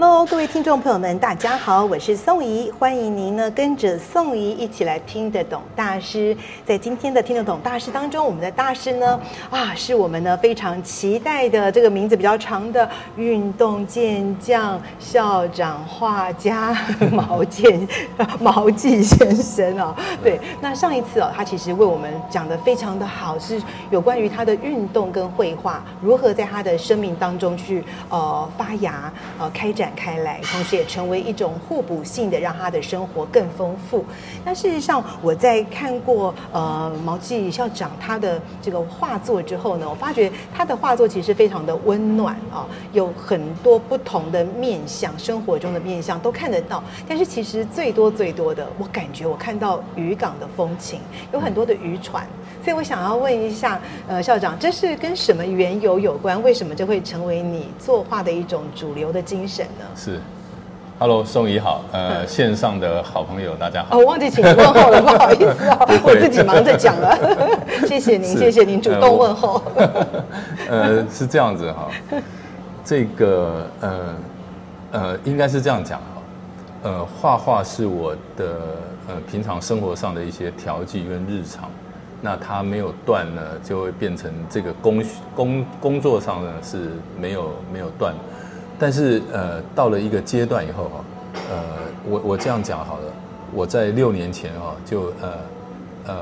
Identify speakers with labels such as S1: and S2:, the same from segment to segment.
S1: 哈嘍，各位聽眾朋友們，大家好，我是宋怡，歡迎您呢跟着宋怡一起來聽得懂大師。在今天的聽得懂大師當中，我們的大師呢啊是我們呢非常期待的，這個名字比較長的運動健將、校長、畫家毛健毛驥先生啊。對，那上一次哦、啊，他其實為我們講得非常的好，是有關於他的運動跟繪畫如何在他的生命當中去呃發芽呃開展。開來，同時也成為一種互補性的，讓他的生活更豐富。那事實上，我在看過呃毛驥校長他的這個畫作之後呢，我發覺他的畫作其實非常的溫暖啊、哦，有很多不同的面相，生活中的面相都看得到。但是其實最多最多的，我感覺我看到漁港的風情，有很多的漁船。所以我想要問一下，呃，校長，這是跟什麼緣由有有關？為什麼就會成為你作畫的一種主流的精神呢？
S2: 是。Hello，宋怡好，呃、嗯，線上的好朋友，大家好。哦、我忘記請問候了， 不好意思啊，我自己忙着講了。
S1: 謝謝您，謝謝您主動問候。
S2: 呃，呃是這樣子哈，這個呃呃，應該是這樣講哈，呃，畫畫是我的呃平常生活上的一些調劑跟日常。那它沒有斷呢，就會變成這個工工工作上呢是沒有沒有斷，但是呃，到了一個階段以後哈，呃，我我這樣講好了，我在六年前哈就呃呃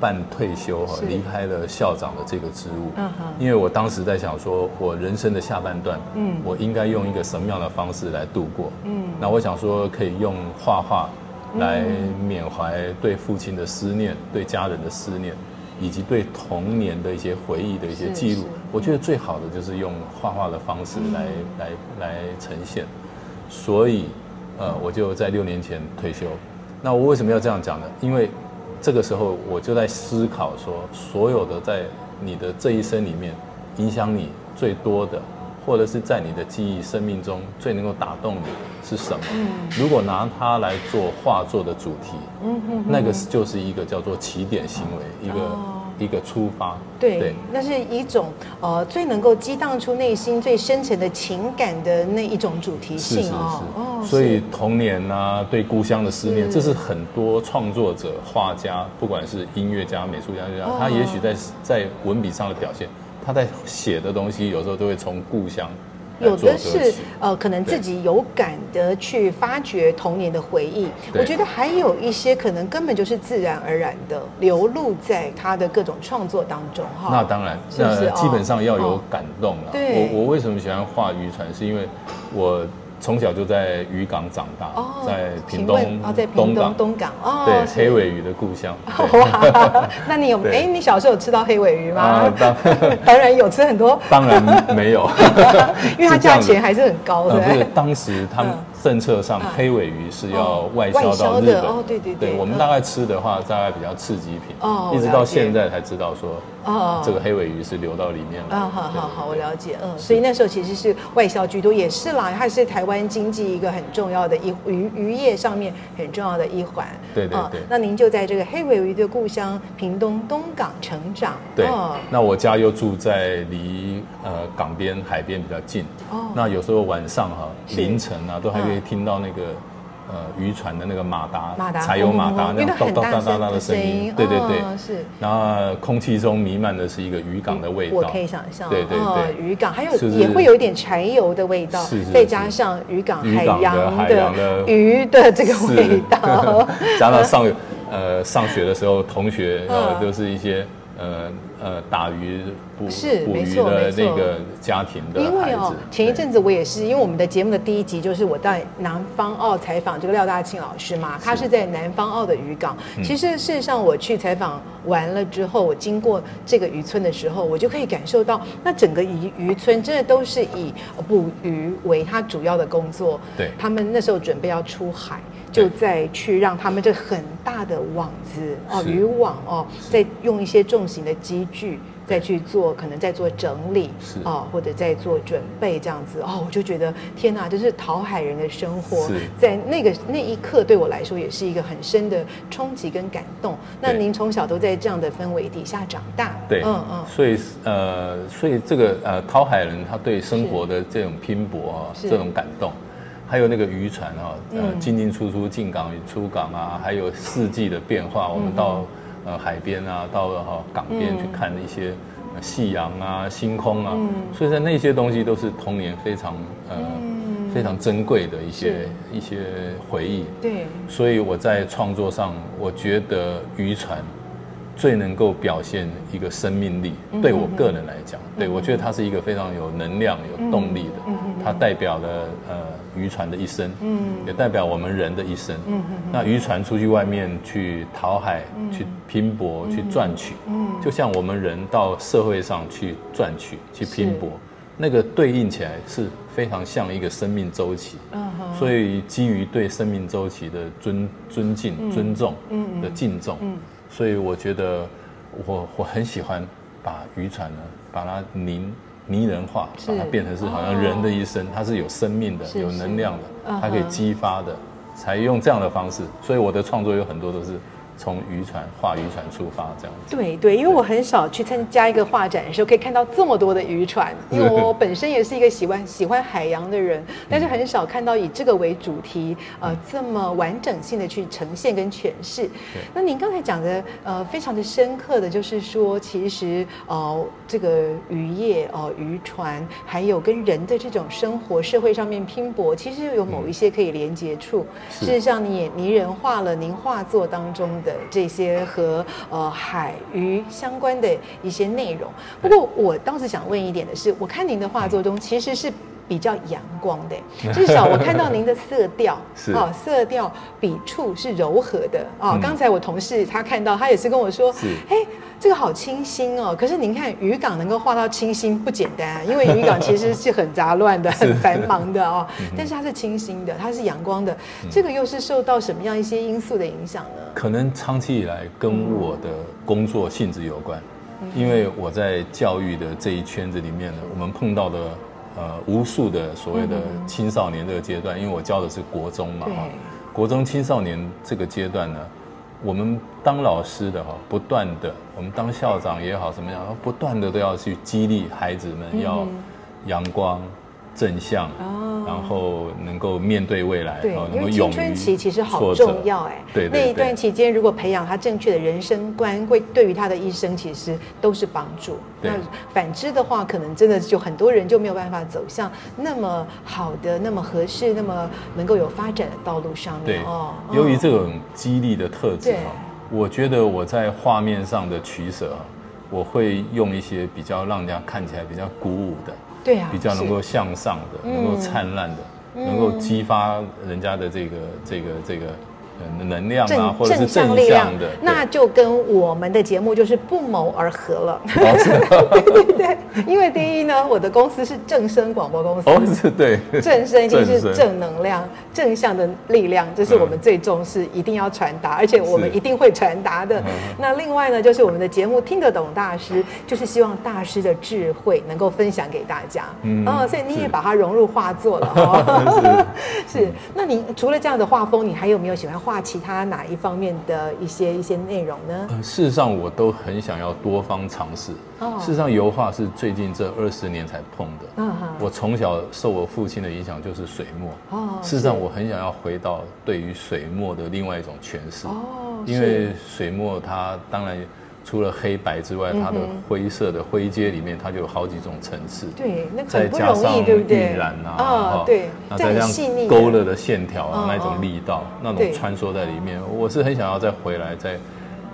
S2: 辦退休哈，離開了校長的這個職務，因為我當時在想說，我人生的下半段，嗯，我應該用一個什麼樣的方式來度過，嗯，那我想說可以用畫畫。來緬懷對父親的思念，對家人的思念，以及對童年的一些回憶的一些記錄。我覺得最好的就是用畫畫的方式來、嗯、來來，來呈現。所以，呃，我就在六年前退休。那我為什麼要這樣講呢？因為這個時候我就在思考說，所有的在你的這一生裡面，影響你最多的。或者是在你的記憶生命中最能夠打動你是什麼？嗯、如果拿它來做畫作的主題，嗯哼哼，那個就是一個叫做起點行為，嗯、哼哼一個、哦、一個出發。對，對
S1: 那是一種呃最能夠激盪出內心最深沉的情感的那一種主題性啊、哦哦。所以
S2: 童年啊，對故鄉的思念，這是很多創作者、畫家，不管是音樂家、美術家、哦、他也許在在文筆上的表現。他在寫的東西，有時候都會從故鄉，有的是
S1: 呃，可能自己有感的去發掘童年的回憶。我覺得還有一些可能根本就是自然而然的流露在他的各種創作當中哈。那
S2: 當然是是，那基本上要有感動了，哦哦。我我為什麼喜歡畫漁船？是因為我。從小就在漁港長大哦，在屏東，啊、哦，在屏東
S1: 東港，東港哦，對，黑
S2: 鮪魚的故鄉、哦。
S1: 哇，那你有哎、欸，你小時候有吃到黑鮪魚嗎、啊
S2: 當？
S1: 當然有吃很多，呵呵
S2: 當然沒有，呵呵因為它價錢還是
S1: 很高的。就、啊、
S2: 當時他們。嗯政策上，黑鮪魚是要外銷到日本。哦，對對對。對我們大概吃的話，大概比較刺激品。哦，一直到現在才知道說，哦，這個黑鮪魚是流到裡面了。
S1: 啊，好好好，我了解。嗯，所以那時候其實是外銷居多，也是啦，它是台灣經濟一個很重要的，一魚漁業上面很重要的一環。對對對。那您就在這個黑鮪魚的故鄉屏東東港成長。對。那
S2: 我家又住在離呃港邊海邊比較近。哦。那有時候晚上哈、啊、凌晨啊，都還可以。聽到那個，呃，漁船的那個馬達，馬達柴油馬達、哦嗯嗯、那個咚噠噠噠的聲音、哦，對對對，是。然後空氣中彌漫的是一個漁港的味道，我，我可以
S1: 想象，對對對，哦、漁港還有是是也會有一點柴油的味道，是，是，是，再加上漁港海洋的，魚的，海洋的魚的這個味道，加上
S2: 上、啊、呃上學的時候同學、啊、都是一些。呃呃，打魚捕是捕魚的那個家庭的孩子，因為
S1: 哦，前一陣子我也是，因為我們的節目的第一集就是我在南方澳採訪這個廖大慶老師嘛，他是在南方澳的漁港。嗯、其實事實上，我去採訪完了之後，我經過這個漁村的時候，我就可以感受到，那整個漁漁村真的都是以捕魚為他主要的工作。對，他們那時候準備要出海。就再去讓他們這很大的網子哦，漁網哦，再用一些重型的機具，再去做可能再做整理，是啊、哦，或者再做準備這樣子哦，我就覺得天哪、啊，這是討海人的生活，是在那個那一刻對我來說也是一個很深的衝擊跟感動。那您從小都在這樣的氛圍底下長大，
S2: 對，嗯嗯，所以呃，所以這個呃，討海人他對生活的這種拼搏，哦、這種感動。還有那個漁船啊，呃，進進出出進港與出港啊，還有四季的變化，嗯、我們到呃海邊啊，到了哈、呃、港邊去看一些、呃、夕陽啊、星空啊、嗯，所以在那些東西都是童年非常呃、嗯、非常珍貴的一些一些回憶。對，所以我在創作上，我覺得漁船最能夠表現一個生命力。嗯、哼哼對我個人來講，嗯、對我覺得它是一個非常有能量、有動力的。嗯嗯它代表了呃漁船的一生，嗯，也代表我們人的一生，嗯嗯。那漁船出去外面去討海，嗯，去拼搏，嗯，去賺取，嗯，就像我們人到社會上去賺取、去拼搏，那個對應起來是非常像一個生命週期，嗯、哦。所以基於對生命週期的尊尊敬、尊重的敬重，嗯，嗯嗯所以我覺得我我很喜歡把漁船呢，把它凝。擬人化，把它變成是好像人的一生，是 oh. 它是有生命的是是、有能量的，它可以激發的，uh -huh. 才用這樣的方式。所以我的創作有很多都是。從漁船畫漁船出發，這樣
S1: 子。對對，因為我很少去參加一個畫展的時候，可以看到這麼多的漁船。因為我本身也是一個喜歡喜歡海洋的人，但是很少看到以這個為主題，嗯、呃，這麼完整性的去呈現跟詮釋。對。那您剛才講的，呃，非常的深刻的就是說，其實，哦、呃，這個漁業、哦、呃、漁船，還有跟人的這種生活、社會上面拼搏，其實又有某一些可以連接處是。事實上，你也擬人化了，您畫作當中。的這些和呃海魚相關的一些內容，不過我倒是想問一點的是，我看您的畫作中其實是。比較陽光的、欸，至少我看到您的色調啊、 哦，色調筆觸是柔和的啊。剛、哦嗯、才我同事他看到，他也是跟我說，是、欸、這個好清新哦。可是您看漁港能夠畫到清新不簡單、啊，因為漁港其實是很雜亂的、 很繁忙的啊、哦。但是它是清新的，它是陽光的、嗯，這個又是受到什麼樣一些因素的影響呢？
S2: 可能長期以來跟我的工作性質有關、嗯，因為我在教育的這一圈子裡面呢，嗯、我們碰到的。呃，無數的所謂的青少年這個階段、嗯，因為我教的是國中嘛，哈、喔，國中青少年這個階段呢，我們當老師的哈、喔，不斷的，我們當校長也好，什麼樣，不斷的都要去激勵孩子們要陽光、正向，嗯、然後。能夠面對未來，對，因為青春期其實好重要哎。對，對，對，那一段期
S1: 間，如果培養他正確的人生觀，會對於他的一生其實都是幫助。那反之的話，可能真的就很多人就沒有辦法走向那麼好的、那麼合適、那麼能夠有發展的道路上面。哦。由於這
S2: 種激勵的特質，我覺得我在畫面上的取捨，我會用一些比較讓人家看起來比較鼓舞的，
S1: 對啊，比較能夠
S2: 向上的，能夠燦爛的。嗯能夠激發人家的這個這個、嗯、這個。能量啊，正，或者是正向正力量的，那
S1: 就跟我們的節目就是不謀而合了。 對，對對對，因為第一呢，嗯、我的公司是正聲廣播公司、哦，是，
S2: 對，正聲一定是正
S1: 能量是是、正向的力量，這是我們最重視，嗯、一定要傳達，而且我們一定會傳達的。那另外呢，就是我們的節目聽得懂大師、嗯，就是希望大師的智慧能夠分享給大家。嗯、呃，所以你也把它融入畫作了。哦。 是，那你除了這樣的畫風，你還有沒有喜歡畫？畫其他哪一方面的一些一些內容
S2: 呢？呃，事實上，我都很想要多方嘗試。Oh. 事實上，油畫是最近這二十年才碰的。Oh. 我從小受我父親的影響就是水墨。Oh. 事實上，我很想要回到對於水墨的另外一種詮釋。Oh. 因為水墨它當然。除了黑白之外，它的灰色的灰階裡面，它就有好幾種層次。對、嗯，
S1: 再加上暈染啊，對，那很不容易，對不對？啊、那個哦哦，再加上勾勒
S2: 的線條啊，那一種力道，嗯，那種穿梭在裡面，我是很想要再回來再。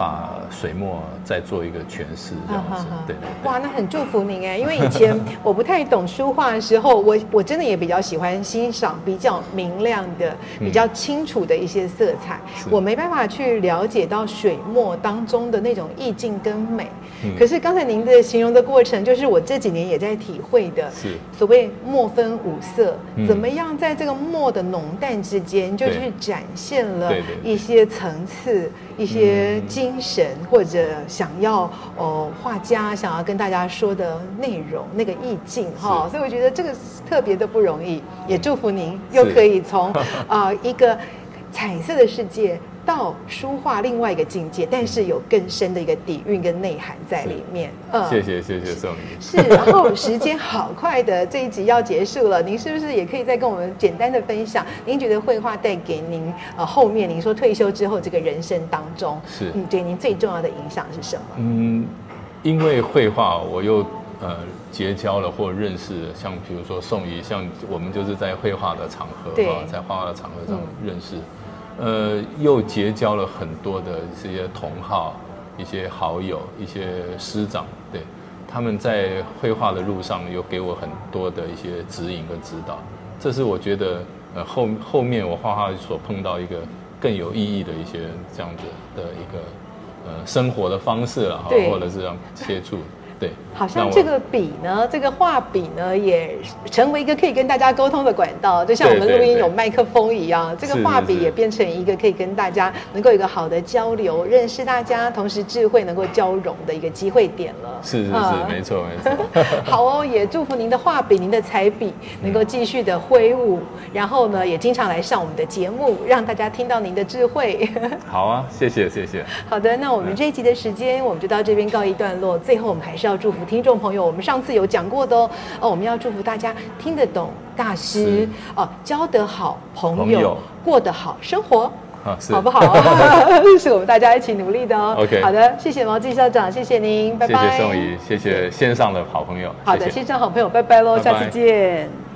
S2: 把、啊、水墨再做一個詮釋、這樣子、啊啊啊啊，對，
S1: 對，對哇，那很祝福您哎。 因為以前我不太懂書畫的時候，我我真的也比較喜歡欣賞比較明亮的、嗯、比較清楚的一些色彩，我沒辦法去了解到水墨當中的那種意境跟美。嗯、可是剛才您的形容的過程，就是我這幾年也在體會的，是所謂墨分五色、嗯，怎麼樣在這個墨的濃淡之間，就去展現了一些層次、一些精。精神或者想要哦、呃，畫家想要跟大家說的內容，那個意境哈、哦，所以我覺得這個特別的不容易，也祝福您又可以從啊、呃，一個彩色的世界，到書畫另外一個境界，但是有更深的一個底蘊跟內涵在裡面。
S2: 嗯、呃，謝謝謝謝宋怡。是，然後、
S1: 哦、時間好快的，這一集要結束了，您 是不是也可以再跟我們簡單的分享，您覺得繪畫帶給您呃後面，您說退休之後這個人生當中，是，對您最重要的影響是什麼？嗯，
S2: 因為繪畫，我又呃結交了或認識了，像比如說宋怡，像我們就是在繪畫的場合對在畫畫的場合上認識。嗯呃，又結交了很多的這些同好、一些好友、一些師長，對，他們在繪畫的路上又給我很多的一些指引跟指導，這是我覺得呃後後面我畫畫所碰到一個更有意義的一些這樣子的一個呃生活的方式了啊，或者是這樣接觸。 對，好像這個
S1: 筆呢，這個畫筆呢，也成為一個可以跟大家溝通的管道，對對對，就像我們錄音有麥克風一樣，對對對，這個畫筆也變成一個可以跟大家能夠有一個好的交流是是是，認識大家，同時智慧能夠交融的一個機會點了。
S2: 是是是，啊、沒錯。沒錯
S1: 好哦，也祝福您的畫筆、您的彩筆能夠繼續的揮舞，嗯，然後呢，也經常來上我們的節目，讓大家聽到您的智慧。
S2: 好啊，謝謝謝謝。好的，那我們這一
S1: 集的時間我們就到這邊告一段落，最後我們還是要。要祝福聽眾朋友，我們上次有講過的哦，哦我們要祝福大家聽得懂大師哦、啊，交得好朋友，朋友過得好生活、
S2: 啊、好不好？
S1: 是我們大家一起努力的哦。OK，好的，謝謝毛驥校長，謝謝您，拜拜。謝謝宋
S2: 怡，謝謝線上的好朋友。謝謝，好的，線
S1: 上好朋友，拜拜嘍，下次見。拜拜。